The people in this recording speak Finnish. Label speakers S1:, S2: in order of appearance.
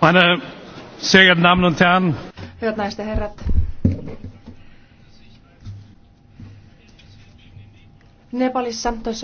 S1: Meine sehr geehrten Damen und Herren,
S2: Hyvät naiset
S3: ja herrat, Nepalissa toisessa